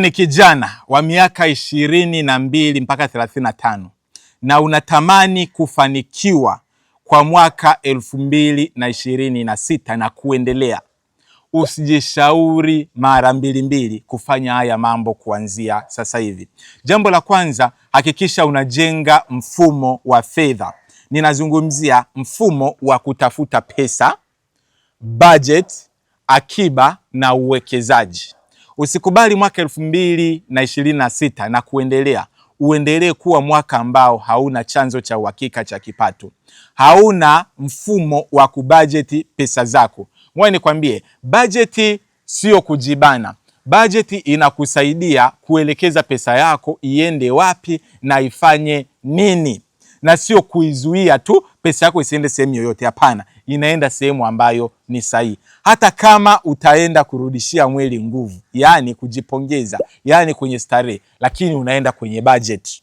ni kijana wa miaka ishirini na mbili mpaka thelathini na tano na unatamani kufanikiwa kwa mwaka elfu mbili na ishirini na sita na kuendelea, usijishauri mara mbili mbili kufanya haya mambo kuanzia sasa hivi. Jambo la kwanza, hakikisha unajenga mfumo wa fedha. Ninazungumzia mfumo wa kutafuta pesa, budget, akiba na uwekezaji. Usikubali mwaka elfu mbili na ishirini na sita na kuendelea uendelee kuwa mwaka ambao hauna chanzo cha uhakika cha kipato, hauna mfumo wa kubajeti pesa zako. Ngoja nikwambie, bajeti sio kujibana. Bajeti inakusaidia kuelekeza pesa yako iende wapi na ifanye nini na sio kuizuia tu pesa yako isiende sehemu yoyote. Hapana, inaenda sehemu ambayo ni sahihi, hata kama utaenda kurudishia mwili nguvu, yaani kujipongeza, yaani kwenye starehe, lakini unaenda kwenye budget.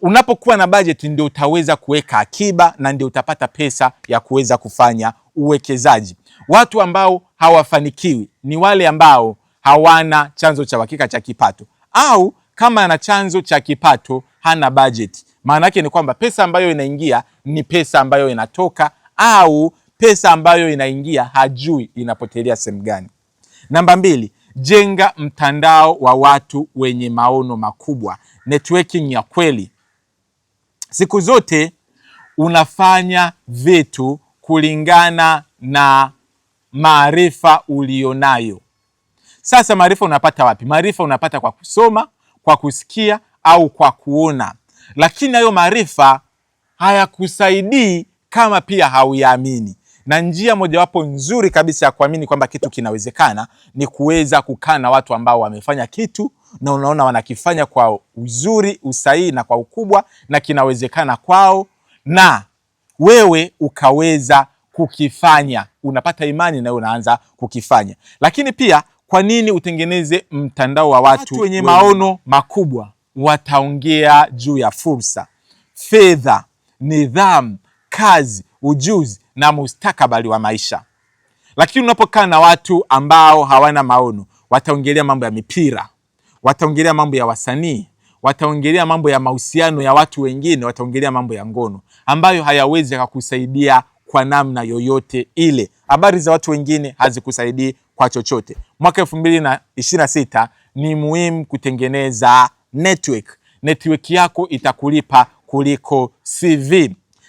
Unapokuwa na budget, ndio utaweza kuweka akiba na ndio utapata pesa ya kuweza kufanya uwekezaji. Watu ambao hawafanikiwi ni wale ambao hawana chanzo cha uhakika cha kipato, au kama ana chanzo cha kipato hana budget. Maana yake ni kwamba pesa ambayo inaingia ni pesa ambayo inatoka, au pesa ambayo inaingia hajui inapotelea sehemu gani. Namba mbili, jenga mtandao wa watu wenye maono makubwa, networking ya kweli. Siku zote unafanya vitu kulingana na maarifa ulionayo. Sasa maarifa unapata wapi? Maarifa unapata kwa kusoma, kwa kusikia au kwa kuona lakini hayo maarifa hayakusaidii kama pia hauyaamini. Na njia mojawapo nzuri kabisa ya kuamini kwamba kitu kinawezekana ni kuweza kukaa na watu ambao wamefanya kitu na unaona wanakifanya kwa uzuri, usahihi na kwa ukubwa, na kinawezekana kwao, na wewe ukaweza kukifanya, unapata imani na unaanza kukifanya. Lakini pia kwa nini utengeneze mtandao wa watu wenye maono makubwa wataongea juu ya fursa, fedha, nidhamu, kazi, ujuzi na mustakabali wa maisha. Lakini unapokaa na watu ambao hawana maono, wataongelea mambo ya mipira, wataongelea mambo ya wasanii, wataongelea mambo ya mahusiano ya watu wengine, wataongelea mambo ya ngono ambayo hayawezi yakakusaidia kwa namna yoyote ile. Habari za watu wengine hazikusaidii kwa chochote. Mwaka elfu mbili na ishirini na sita ni muhimu kutengeneza network. Network yako itakulipa kuliko CV.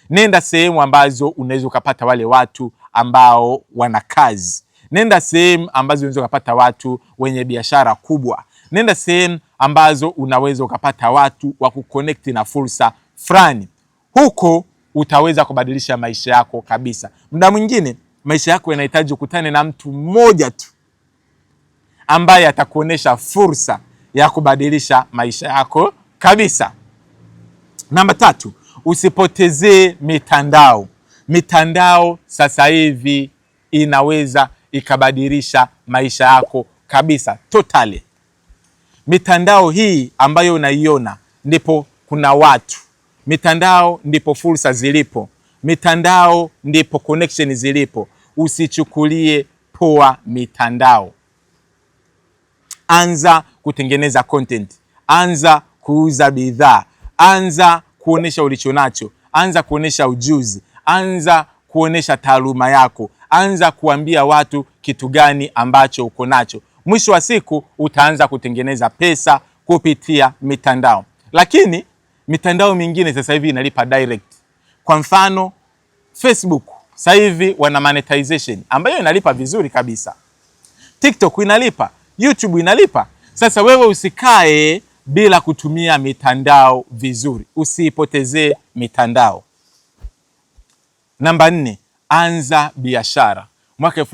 Nenda sehemu ambazo unaweza ukapata wale watu ambao wana kazi. Nenda sehemu ambazo unaweza ukapata watu wenye biashara kubwa. Nenda sehemu ambazo unaweza ukapata watu wa kukonekti na fursa fulani. Huko utaweza kubadilisha maisha yako kabisa. Muda mwingine maisha yako yanahitaji ukutane na mtu mmoja tu ambaye atakuonesha fursa ya kubadilisha maisha yako kabisa. Namba tatu, usipotezee mitandao. Mitandao sasa hivi inaweza ikabadilisha maisha yako kabisa totally. Mitandao hii ambayo unaiona ndipo kuna watu, mitandao ndipo fursa zilipo, mitandao ndipo connection zilipo. Usichukulie poa mitandao, anza kutengeneza content, anza kuuza bidhaa, anza kuonesha ulichonacho, anza kuonesha ujuzi, anza kuonesha taaluma yako, anza kuambia watu kitu gani ambacho uko nacho. Mwisho wa siku utaanza kutengeneza pesa kupitia mitandao, lakini mitandao mingine sasa hivi inalipa direct. Kwa mfano Facebook sasa hivi wana monetization ambayo inalipa vizuri kabisa, TikTok inalipa, YouTube inalipa. Sasa wewe usikae bila kutumia mitandao vizuri, usiipotezee mitandao. Namba nne, anza biashara mwaka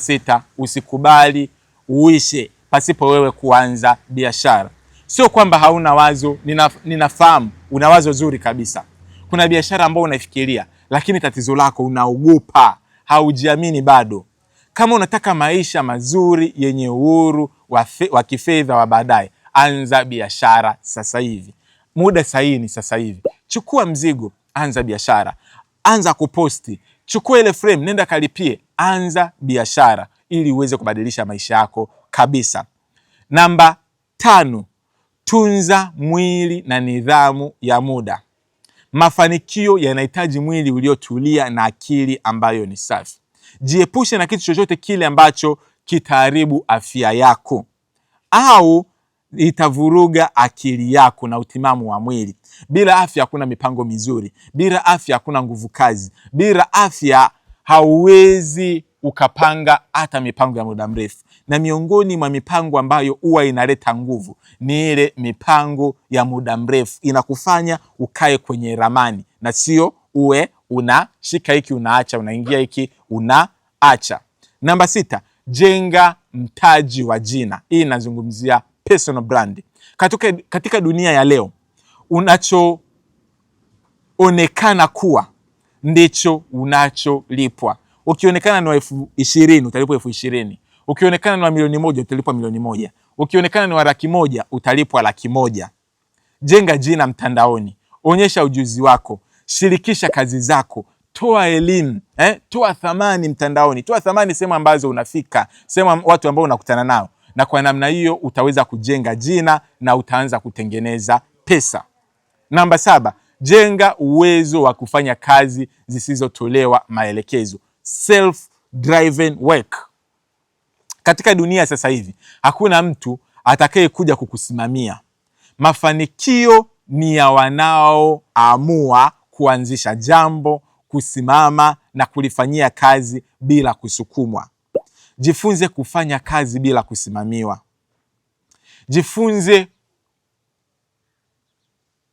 sita Usikubali uishe pasipo wewe kuanza biashara. Sio kwamba hauna wazo, ninafahamu una wazo zuri kabisa. Kuna biashara ambayo unaifikiria, lakini tatizo lako unaogopa, haujiamini bado kama unataka maisha mazuri yenye uhuru wa kifedha wa baadaye, anza biashara sasa hivi. Muda sahihi ni sasa hivi. Chukua mzigo, anza biashara, anza kuposti, chukua ile frame, nenda kalipie, anza biashara ili uweze kubadilisha maisha yako kabisa. Namba tano, tunza mwili na nidhamu ya muda. Mafanikio yanahitaji mwili uliotulia na akili ambayo ni safi. Jiepushe na kitu chochote kile ambacho kitaharibu afya yako au itavuruga akili yako na utimamu wa mwili. Bila afya hakuna mipango mizuri, bila afya hakuna nguvu kazi, bila afya hauwezi ukapanga hata mipango ya muda mrefu. Na miongoni mwa mipango ambayo huwa inaleta nguvu ni ile mipango ya muda mrefu, inakufanya ukae kwenye ramani na sio uwe unashika hiki unaacha, unaingia hiki unaacha. Namba sita, jenga mtaji wa jina. Hii inazungumzia personal brand. Katika, katika dunia ya leo unachoonekana kuwa ndicho unacholipwa. Ukionekana ni wa elfu ishirini utalipwa elfu ishirini ukionekana ni wa milioni moja utalipwa milioni moja ukionekana ni wa laki moja utalipwa laki moja. Jenga jina mtandaoni, onyesha ujuzi wako shirikisha kazi zako, toa elimu eh, toa thamani mtandaoni, toa thamani sehemu ambazo unafika, sehemu watu ambao unakutana nao, na kwa namna hiyo utaweza kujenga jina na utaanza kutengeneza pesa. Namba saba, jenga uwezo wa kufanya kazi zisizotolewa maelekezo, self driven work. Katika dunia sasa hivi hakuna mtu atakayekuja kukusimamia. Mafanikio ni ya wanaoamua kuanzisha jambo, kusimama na kulifanyia kazi bila kusukumwa. Jifunze kufanya kazi bila kusimamiwa. Jifunze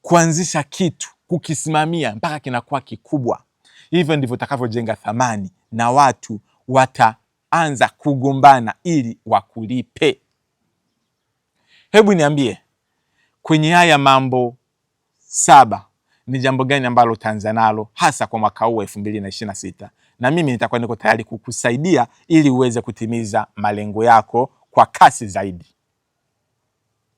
kuanzisha kitu, kukisimamia mpaka kinakuwa kikubwa. Hivyo ndivyo utakavyojenga thamani na watu wataanza kugombana ili wakulipe. Hebu niambie kwenye haya mambo saba ni jambo gani ambalo utaanza nalo hasa kwa mwaka huu wa sita na mimi nitakuwa niko tayari kukusaidia ili uweze kutimiza malengo yako kwa kasi zaidi.